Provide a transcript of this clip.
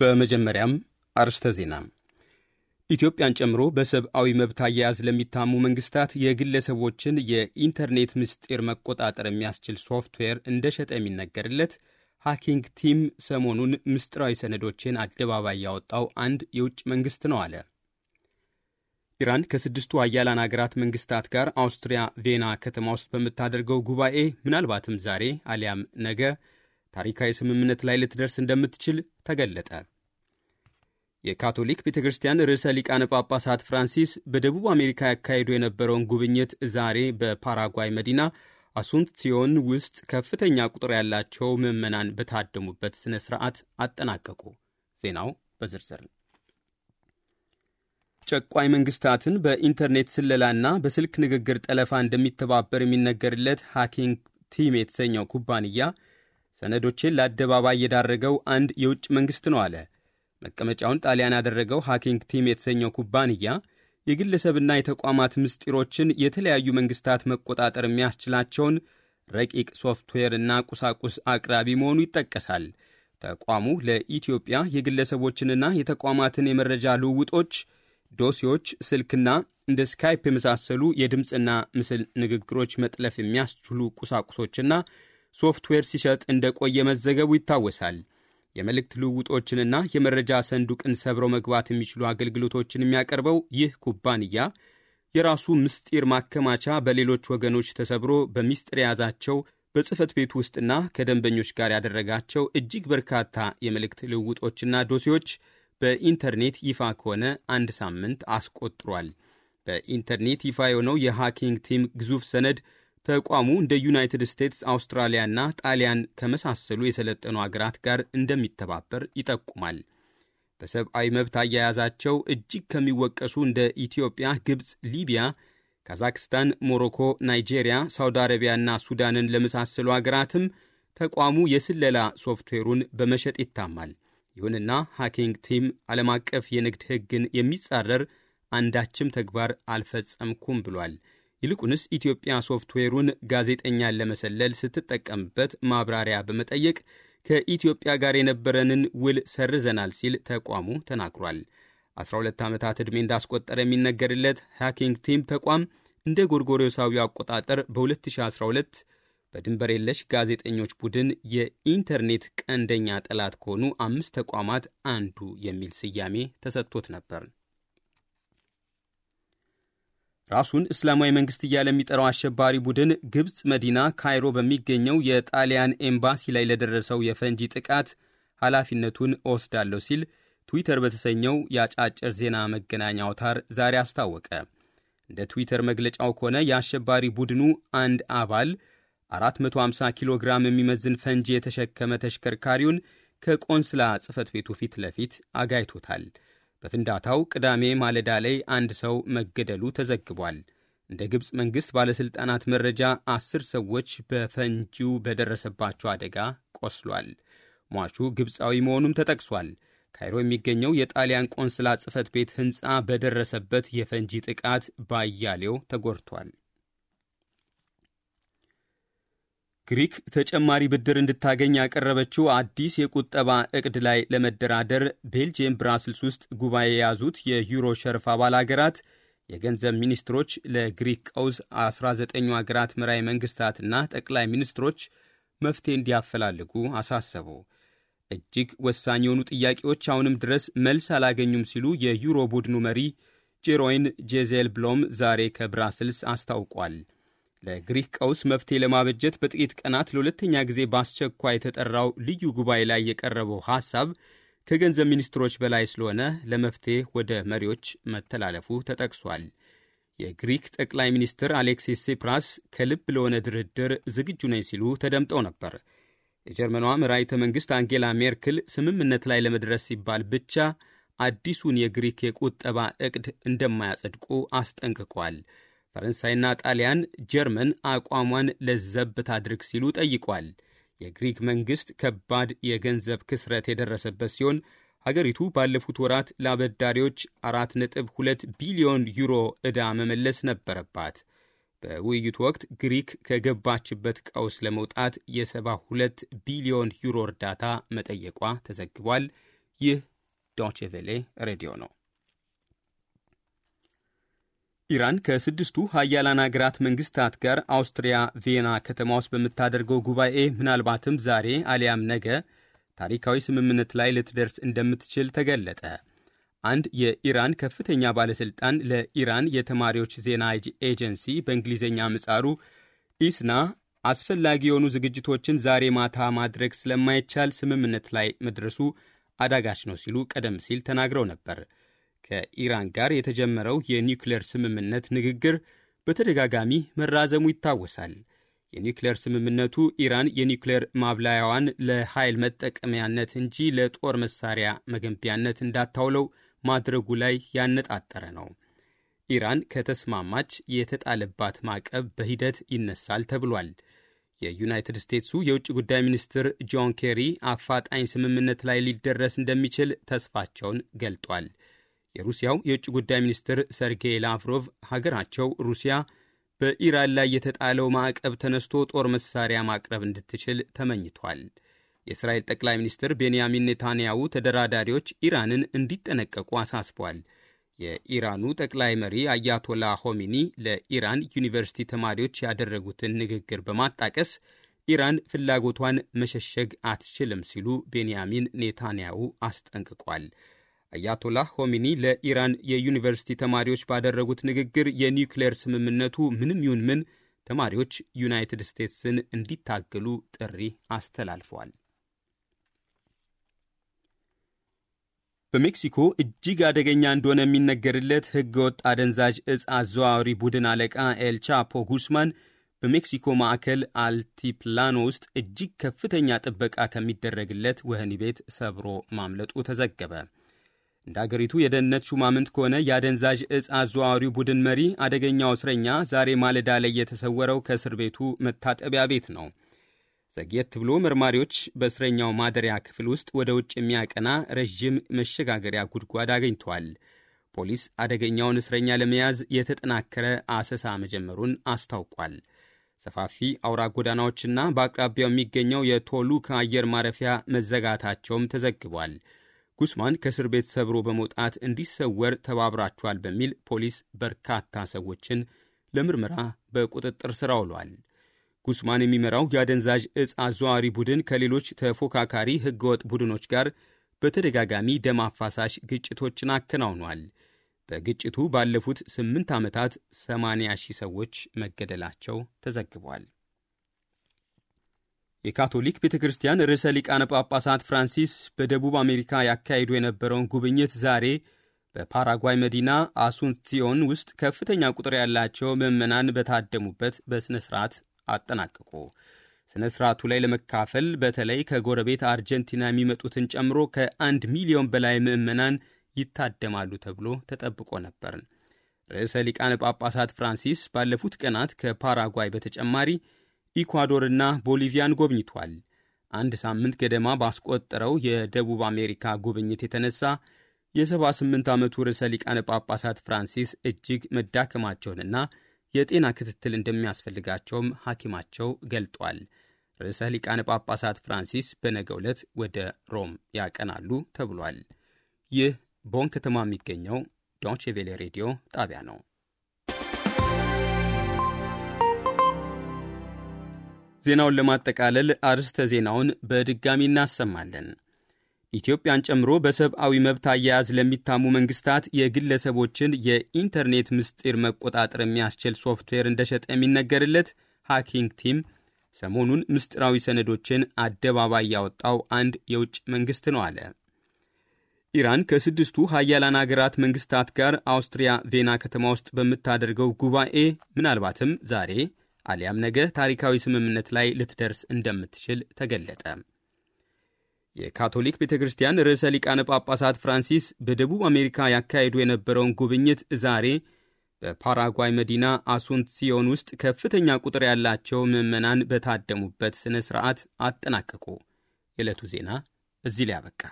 በመጀመሪያም አርስተ ዜና። ኢትዮጵያን ጨምሮ በሰብአዊ መብት አያያዝ ለሚታሙ መንግስታት የግለሰቦችን የኢንተርኔት ምስጢር መቆጣጠር የሚያስችል ሶፍትዌር እንደሸጠ የሚነገርለት ሃኪንግ ቲም ሰሞኑን ምስጢራዊ ሰነዶችን አደባባይ ያወጣው አንድ የውጭ መንግስት ነው አለ። ኢራን ከስድስቱ አያላን አገራት መንግስታት ጋር አውስትሪያ ቬና ከተማ ውስጥ በምታደርገው ጉባኤ ምናልባትም ዛሬ አሊያም ነገ ታሪካዊ ስምምነት ላይ ልትደርስ እንደምትችል ተገለጠ። የካቶሊክ ቤተ ክርስቲያን ርዕሰ ሊቃነ ጳጳሳት ፍራንሲስ በደቡብ አሜሪካ ያካሄዱ የነበረውን ጉብኝት ዛሬ በፓራጓይ መዲና አሱንሲዮን ውስጥ ከፍተኛ ቁጥር ያላቸው ምዕመናን በታደሙበት ሥነ ሥርዓት አጠናቀቁ። ዜናው በዝርዝር ጨቋይ መንግስታትን በኢንተርኔት ስለላና በስልክ ንግግር ጠለፋ እንደሚተባበር የሚነገርለት ሃኪንግ ቲም የተሰኘው ኩባንያ ሰነዶቼን ለአደባባይ የዳረገው አንድ የውጭ መንግሥት ነው አለ። መቀመጫውን ጣሊያን ያደረገው ሃኪንግ ቲም የተሰኘው ኩባንያ የግለሰብና የተቋማት ምስጢሮችን የተለያዩ መንግሥታት መቆጣጠር የሚያስችላቸውን ረቂቅ ሶፍትዌርና ቁሳቁስ አቅራቢ መሆኑ ይጠቀሳል። ተቋሙ ለኢትዮጵያ የግለሰቦችንና የተቋማትን የመረጃ ልውውጦች፣ ዶሴዎች፣ ስልክና እንደ ስካይፕ የመሳሰሉ የድምፅና ምስል ንግግሮች መጥለፍ የሚያስችሉ ቁሳቁሶችና ሶፍትዌር ሲሸጥ እንደቆየ መዘገቡ ይታወሳል። የመልእክት ልውውጦችንና የመረጃ ሰንዱቅን ሰብረው መግባት የሚችሉ አገልግሎቶችን የሚያቀርበው ይህ ኩባንያ የራሱ ምስጢር ማከማቻ በሌሎች ወገኖች ተሰብሮ በሚስጥር የያዛቸው በጽህፈት ቤት ውስጥና ከደንበኞች ጋር ያደረጋቸው እጅግ በርካታ የመልእክት ልውውጦችና ዶሴዎች በኢንተርኔት ይፋ ከሆነ አንድ ሳምንት አስቆጥሯል። በኢንተርኔት ይፋ የሆነው የሃኪንግ ቲም ግዙፍ ሰነድ ተቋሙ እንደ ዩናይትድ ስቴትስ፣ አውስትራሊያና ጣሊያን ከመሳሰሉ የሰለጠኑ አገራት ጋር እንደሚተባበር ይጠቁማል። በሰብአዊ መብት አያያዛቸው እጅግ ከሚወቀሱ እንደ ኢትዮጵያ፣ ግብፅ፣ ሊቢያ፣ ካዛክስታን፣ ሞሮኮ፣ ናይጄሪያ፣ ሳውዲ አረቢያና ሱዳንን ለመሳሰሉ አገራትም ተቋሙ የስለላ ሶፍትዌሩን በመሸጥ ይታማል። ይሁንና ሃኪንግ ቲም ዓለም አቀፍ የንግድ ሕግን የሚጻረር አንዳችም ተግባር አልፈጸምኩም ብሏል። ይልቁንስ ኢትዮጵያ ሶፍትዌሩን ጋዜጠኛን ለመሰለል ስትጠቀምበት ማብራሪያ በመጠየቅ ከኢትዮጵያ ጋር የነበረንን ውል ሰርዘናል ሲል ተቋሙ ተናግሯል። 12 ዓመታት ዕድሜ እንዳስቆጠረ የሚነገርለት ሃኪንግ ቲም ተቋም እንደ ጎርጎሪዮሳዊ አቆጣጠር በ2012 በድንበር የለሽ ጋዜጠኞች ቡድን የኢንተርኔት ቀንደኛ ጠላት ከሆኑ አምስት ተቋማት አንዱ የሚል ስያሜ ተሰጥቶት ነበር። ራሱን እስላማዊ መንግስት እያለ የሚጠራው አሸባሪ ቡድን ግብፅ መዲና ካይሮ በሚገኘው የጣሊያን ኤምባሲ ላይ ለደረሰው የፈንጂ ጥቃት ኃላፊነቱን እወስዳለሁ ሲል ትዊተር በተሰኘው የአጫጭር ዜና መገናኛ አውታር ዛሬ አስታወቀ። እንደ ትዊተር መግለጫው ከሆነ የአሸባሪ ቡድኑ አንድ አባል 450 ኪሎ ግራም የሚመዝን ፈንጂ የተሸከመ ተሽከርካሪውን ከቆንስላ ጽህፈት ቤቱ ፊት ለፊት አጋይቶታል። በፍንዳታው ቅዳሜ ማለዳ ላይ አንድ ሰው መገደሉ ተዘግቧል። እንደ ግብፅ መንግሥት ባለሥልጣናት መረጃ አስር ሰዎች በፈንጂው በደረሰባቸው አደጋ ቆስሏል። ሟቹ ግብፃዊ መሆኑም ተጠቅሷል። ካይሮ የሚገኘው የጣሊያን ቆንስላ ጽሕፈት ቤት ሕንፃ በደረሰበት የፈንጂ ጥቃት ባያሌው ተጎድቷል። ግሪክ ተጨማሪ ብድር እንድታገኝ ያቀረበችው አዲስ የቁጠባ እቅድ ላይ ለመደራደር ቤልጅየም ብራስልስ ውስጥ ጉባኤ የያዙት የዩሮ ሸርፍ አባል አገራት የገንዘብ ሚኒስትሮች ለግሪክ ቀውስ 19ኙ አገራት መራዊ መንግስታትና ጠቅላይ ሚኒስትሮች መፍትሄ እንዲያፈላልጉ አሳሰቡ። እጅግ ወሳኝ የሆኑ ጥያቄዎች አሁንም ድረስ መልስ አላገኙም ሲሉ የዩሮ ቡድኑ መሪ ጄሮይን ጄዜል ብሎም ዛሬ ከብራስልስ አስታውቋል። ለግሪክ ቀውስ መፍትሄ ለማበጀት በጥቂት ቀናት ለሁለተኛ ጊዜ በአስቸኳይ የተጠራው ልዩ ጉባኤ ላይ የቀረበው ሐሳብ ከገንዘብ ሚኒስትሮች በላይ ስለሆነ ለመፍትሄ ወደ መሪዎች መተላለፉ ተጠቅሷል። የግሪክ ጠቅላይ ሚኒስትር አሌክሲስ ሲፕራስ ከልብ ለሆነ ድርድር ዝግጁ ነኝ ሲሉ ተደምጠው ነበር። የጀርመኗ መራሒተ መንግሥት አንጌላ ሜርክል ስምምነት ላይ ለመድረስ ሲባል ብቻ አዲሱን የግሪክ የቁጠባ ዕቅድ እንደማያጸድቁ አስጠንቅቋል። ፈረንሳይና ጣሊያን ጀርመን አቋሟን ለዘብ ታድርግ ሲሉ ጠይቋል። የግሪክ መንግሥት ከባድ የገንዘብ ክስረት የደረሰበት ሲሆን ሀገሪቱ ባለፉት ወራት ለአበዳሪዎች 4.2 ቢሊዮን ዩሮ ዕዳ መመለስ ነበረባት። በውይይቱ ወቅት ግሪክ ከገባችበት ቀውስ ለመውጣት የ72 ቢሊዮን ዩሮ እርዳታ መጠየቋ ተዘግቧል። ይህ ዶቼ ቬሌ ሬዲዮ ነው። ኢራን ከስድስቱ ሀያላን ሀገራት መንግስታት ጋር አውስትሪያ ቪየና ከተማ ውስጥ በምታደርገው ጉባኤ ምናልባትም ዛሬ አሊያም ነገ ታሪካዊ ስምምነት ላይ ልትደርስ እንደምትችል ተገለጠ። አንድ የኢራን ከፍተኛ ባለሥልጣን ለኢራን የተማሪዎች ዜና ኤጀንሲ በእንግሊዝኛ ምጻሩ ኢስና አስፈላጊ የሆኑ ዝግጅቶችን ዛሬ ማታ ማድረግ ስለማይቻል ስምምነት ላይ መድረሱ አዳጋች ነው ሲሉ ቀደም ሲል ተናግረው ነበር። ከኢራን ጋር የተጀመረው የኒውክሌር ስምምነት ንግግር በተደጋጋሚ መራዘሙ ይታወሳል። የኒውክሌር ስምምነቱ ኢራን የኒውክሌር ማብላያዋን ለኃይል መጠቀሚያነት እንጂ ለጦር መሳሪያ መገንቢያነት እንዳታውለው ማድረጉ ላይ ያነጣጠረ ነው። ኢራን ከተስማማች የተጣለባት ማዕቀብ በሂደት ይነሳል ተብሏል። የዩናይትድ ስቴትሱ የውጭ ጉዳይ ሚኒስትር ጆን ኬሪ አፋጣኝ ስምምነት ላይ ሊደረስ እንደሚችል ተስፋቸውን ገልጧል። የሩሲያው የውጭ ጉዳይ ሚኒስትር ሰርጌይ ላቭሮቭ ሀገራቸው ሩሲያ በኢራን ላይ የተጣለው ማዕቀብ ተነስቶ ጦር መሳሪያ ማቅረብ እንድትችል ተመኝቷል። የእስራኤል ጠቅላይ ሚኒስትር ቤንያሚን ኔታንያሁ ተደራዳሪዎች ኢራንን እንዲጠነቀቁ አሳስቧል። የኢራኑ ጠቅላይ መሪ አያቶላ ሆሚኒ ለኢራን ዩኒቨርሲቲ ተማሪዎች ያደረጉትን ንግግር በማጣቀስ ኢራን ፍላጎቷን መሸሸግ አትችልም ሲሉ ቤንያሚን ኔታንያሁ አስጠንቅቋል። አያቶላህ ሆሚኒ ለኢራን የዩኒቨርሲቲ ተማሪዎች ባደረጉት ንግግር የኒውክሌር ስምምነቱ ምንም ይሁን ምን ተማሪዎች ዩናይትድ ስቴትስን እንዲታገሉ ጥሪ አስተላልፈዋል። በሜክሲኮ እጅግ አደገኛ እንደሆነ የሚነገርለት ወጥ አደንዛዥ እጽ አዘዋዋሪ ቡድን አለቃ ኤልቻፖ ጉስማን በሜክሲኮ ማዕከል አልቲፕላኖ ውስጥ እጅግ ከፍተኛ ጥበቃ ከሚደረግለት ወህኒ ቤት ሰብሮ ማምለጡ ተዘገበ። እንደ አገሪቱ የደህንነት ሹማምንት ከሆነ የአደንዛዥ እጽ አዘዋዋሪው ቡድን መሪ አደገኛው እስረኛ ዛሬ ማለዳ ላይ የተሰወረው ከእስር ቤቱ መታጠቢያ ቤት ነው። ዘግየት ብሎ መርማሪዎች በእስረኛው ማደሪያ ክፍል ውስጥ ወደ ውጭ የሚያቀና ረዥም መሸጋገሪያ ጉድጓድ አግኝተዋል። ፖሊስ አደገኛውን እስረኛ ለመያዝ የተጠናከረ አሰሳ መጀመሩን አስታውቋል። ሰፋፊ አውራ ጎዳናዎችና በአቅራቢያው የሚገኘው የቶሉ አየር ማረፊያ መዘጋታቸውም ተዘግቧል። ጉስማን ከእስር ቤት ሰብሮ በመውጣት እንዲሰወር ተባብራችኋል በሚል ፖሊስ በርካታ ሰዎችን ለምርመራ በቁጥጥር ስር አውሏል። ጉስማን የሚመራው የአደንዛዥ እጽ አዘዋዋሪ ቡድን ከሌሎች ተፎካካሪ ህገወጥ ቡድኖች ጋር በተደጋጋሚ ደም አፋሳሽ ግጭቶችን አከናውኗል። በግጭቱ ባለፉት ስምንት ዓመታት 80 ሺህ ሰዎች መገደላቸው ተዘግቧል። የካቶሊክ ቤተ ክርስቲያን ርዕሰ ሊቃነ ጳጳሳት ፍራንሲስ በደቡብ አሜሪካ ያካሂዱ የነበረውን ጉብኝት ዛሬ በፓራጓይ መዲና አሱንሲዮን ውስጥ ከፍተኛ ቁጥር ያላቸው ምዕመናን በታደሙበት በሥነ ሥርዓት አጠናቀቁ። ሥነ ሥርዓቱ ላይ ለመካፈል በተለይ ከጎረቤት አርጀንቲና የሚመጡትን ጨምሮ ከአንድ ሚሊዮን በላይ ምዕመናን ይታደማሉ ተብሎ ተጠብቆ ነበር። ርዕሰ ሊቃነ ጳጳሳት ፍራንሲስ ባለፉት ቀናት ከፓራጓይ በተጨማሪ ኢኳዶርና ቦሊቪያን ጎብኝቷል። አንድ ሳምንት ገደማ ባስቆጠረው የደቡብ አሜሪካ ጉብኝት የተነሳ የ78 ዓመቱ ርዕሰ ሊቃነ ጳጳሳት ፍራንሲስ እጅግ መዳከማቸውንና የጤና ክትትል እንደሚያስፈልጋቸውም ሐኪማቸው ገልጧል። ርዕሰ ሊቃነ ጳጳሳት ፍራንሲስ በነገ ዕለት ወደ ሮም ያቀናሉ ተብሏል። ይህ ቦን ከተማ የሚገኘው ዶቼ ቬሌ ሬዲዮ ጣቢያ ነው። ዜናውን ለማጠቃለል አርዕስተ ዜናውን በድጋሚ እናሰማለን። ኢትዮጵያን ጨምሮ በሰብአዊ መብት አያያዝ ለሚታሙ መንግስታት የግለሰቦችን የኢንተርኔት ምስጢር መቆጣጠር የሚያስችል ሶፍትዌር እንደሸጠ የሚነገርለት ሃኪንግ ቲም ሰሞኑን ምስጢራዊ ሰነዶችን አደባባይ ያወጣው አንድ የውጭ መንግስት ነው አለ። ኢራን ከስድስቱ ሀያላን አገራት መንግስታት ጋር አውስትሪያ ቬና ከተማ ውስጥ በምታደርገው ጉባኤ ምናልባትም ዛሬ አሊያም ነገ ታሪካዊ ስምምነት ላይ ልትደርስ እንደምትችል ተገለጠ። የካቶሊክ ቤተ ክርስቲያን ርዕሰ ሊቃነ ጳጳሳት ፍራንሲስ በደቡብ አሜሪካ ያካሄዱ የነበረውን ጉብኝት ዛሬ በፓራጓይ መዲና አሱንሲዮን ውስጥ ከፍተኛ ቁጥር ያላቸው ምዕመናን በታደሙበት ሥነ ሥርዓት አጠናቀቁ። የዕለቱ ዜና እዚህ ላይ አበቃ።